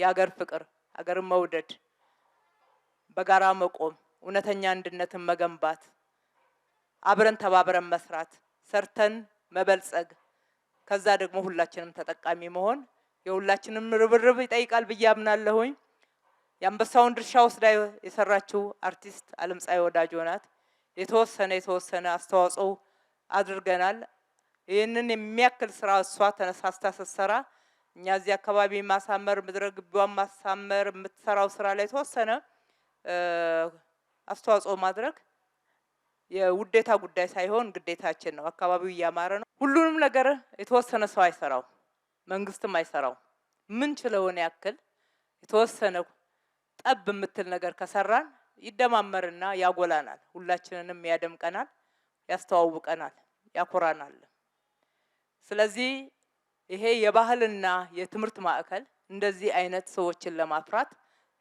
የአገር ፍቅር፣ አገር መውደድ፣ በጋራ መቆም፣ እውነተኛ አንድነትን መገንባት፣ አብረን ተባብረን መስራት፣ ሰርተን መበልጸግ፣ ከዛ ደግሞ ሁላችንም ተጠቃሚ መሆን የሁላችንም ርብርብ ይጠይቃል ብዬ አምናለሁኝ። የአንበሳውን ድርሻ ወስዳ የሰራችው አርቲስት አለምፀሐይ ወዳጆ ናት። የተወሰነ የተወሰነ አስተዋጽኦ አድርገናል። ይህንን የሚያክል ስራ እሷ ተነሳስታ ስትሰራ እኛ እዚህ አካባቢ ማሳመር ምድረ ግቢዋን ማሳመር የምትሰራው ስራ ላይ የተወሰነ አስተዋጽኦ ማድረግ የውዴታ ጉዳይ ሳይሆን ግዴታችን ነው። አካባቢው እያማረ ነው። ሁሉንም ነገር የተወሰነ ሰው አይሰራው፣ መንግስትም አይሰራው። ምን ችለውን ያክል የተወሰነ ጠብ የምትል ነገር ከሰራን ይደማመርና ያጎላናል፣ ሁላችንንም ያደምቀናል፣ ያስተዋውቀናል፣ ያኮራናል። ስለዚህ ይሄ የባህልና የትምህርት ማዕከል እንደዚህ አይነት ሰዎችን ለማፍራት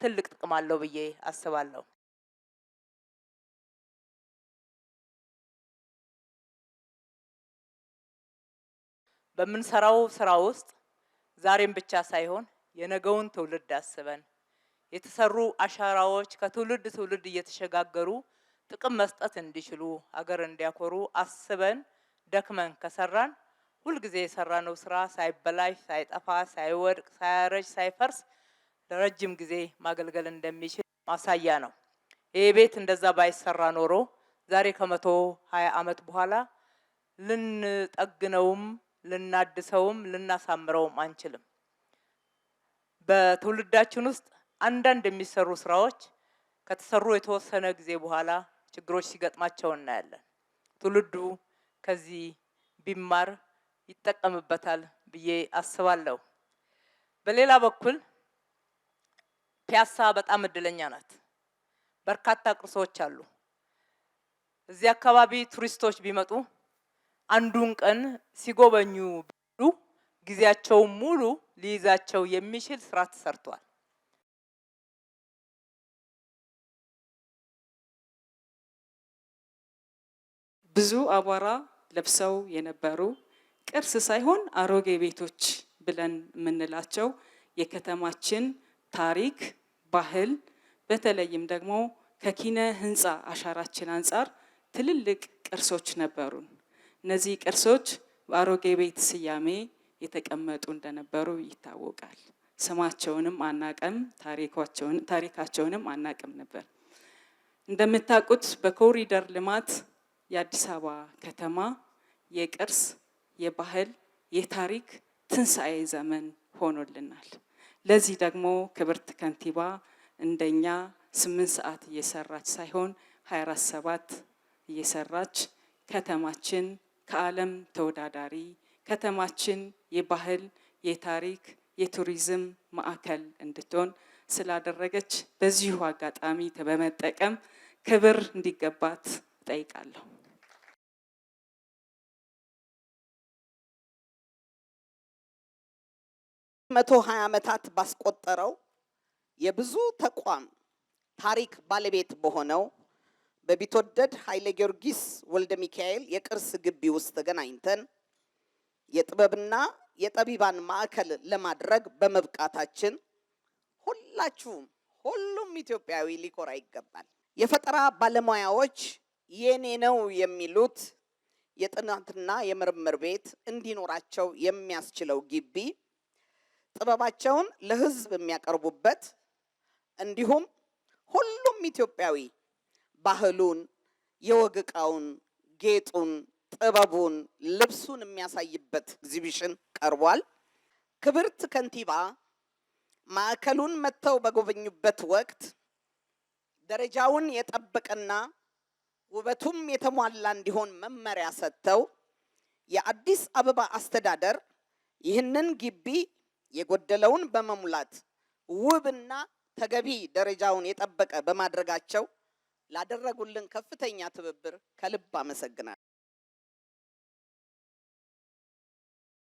ትልቅ ጥቅም አለው ብዬ አስባለሁ። በምንሰራው ስራ ውስጥ ዛሬም ብቻ ሳይሆን የነገውን ትውልድ አስበን የተሰሩ አሻራዎች ከትውልድ ትውልድ እየተሸጋገሩ ጥቅም መስጠት እንዲችሉ አገር እንዲያኮሩ አስበን ደክመን ከሰራን ሁልጊዜ የሰራነው ስራ ሳይበላሽ፣ ሳይጠፋ፣ ሳይወድቅ፣ ሳያረጅ፣ ሳይፈርስ ለረጅም ጊዜ ማገልገል እንደሚችል ማሳያ ነው። ይህ ቤት እንደዛ ባይሰራ ኖሮ ዛሬ ከመቶ ሀያ ዓመት በኋላ ልንጠግነውም ልናድሰውም ልናሳምረውም አንችልም። በትውልዳችን ውስጥ አንዳንድ የሚሰሩ ስራዎች ከተሰሩ የተወሰነ ጊዜ በኋላ ችግሮች ሲገጥማቸው እናያለን። ትውልዱ ከዚህ ቢማር ይጠቀምበታል ብዬ አስባለሁ። በሌላ በኩል ፒያሳ በጣም እድለኛ ናት። በርካታ ቅርሶች አሉ። እዚህ አካባቢ ቱሪስቶች ቢመጡ አንዱን ቀን ሲጎበኙ ቢሉ ጊዜያቸውን ሙሉ ሊይዛቸው የሚችል ስራ ተሰርቷል። ብዙ አቧራ ለብሰው የነበሩ ቅርስ ሳይሆን አሮጌ ቤቶች ብለን የምንላቸው የከተማችን ታሪክ፣ ባህል በተለይም ደግሞ ከኪነ ህንፃ አሻራችን አንጻር ትልልቅ ቅርሶች ነበሩን። እነዚህ ቅርሶች በአሮጌ ቤት ስያሜ የተቀመጡ እንደነበሩ ይታወቃል። ስማቸውንም አናቀም፣ ታሪካቸውንም አናቅም ነበር። እንደምታውቁት በኮሪደር ልማት የአዲስ አበባ ከተማ የቅርስ የባህል፣ የታሪክ ትንሣኤ ዘመን ሆኖልናል። ለዚህ ደግሞ ክብርት ከንቲባ እንደኛ ስምንት ሰዓት እየሰራች ሳይሆን 24 ሰባት እየሰራች ከተማችን ከዓለም ተወዳዳሪ ከተማችን የባህል፣ የታሪክ፣ የቱሪዝም ማዕከል እንድትሆን ስላደረገች በዚሁ አጋጣሚ በመጠቀም ክብር እንዲገባት እጠይቃለሁ። መቶ ሀያ ዓመታት ባስቆጠረው የብዙ ተቋም ታሪክ ባለቤት በሆነው በቢትወደድ ኃይለ ጊዮርጊስ ወልደ ሚካኤል የቅርስ ግቢ ውስጥ ተገናኝተን የጥበብና የጠቢባን ማዕከል ለማድረግ በመብቃታችን ሁላችሁም ሁሉም ኢትዮጵያዊ ሊኮራ ይገባል። የፈጠራ ባለሙያዎች የኔ ነው የሚሉት የጥናትና የምርምር ቤት እንዲኖራቸው የሚያስችለው ግቢ ጥበባቸውን ለሕዝብ የሚያቀርቡበት እንዲሁም ሁሉም ኢትዮጵያዊ ባህሉን፣ የወግ እቃውን ጌጡን፣ ጥበቡን፣ ልብሱን የሚያሳይበት ኤግዚቢሽን ቀርቧል። ክብርት ከንቲባ ማዕከሉን መጥተው በጎበኙበት ወቅት ደረጃውን የጠበቀና ውበቱም የተሟላ እንዲሆን መመሪያ ሰጥተው የአዲስ አበባ አስተዳደር ይህንን ግቢ የጎደለውን በመሙላት ውብና ተገቢ ደረጃውን የጠበቀ በማድረጋቸው ላደረጉልን ከፍተኛ ትብብር ከልብ አመሰግናለሁ።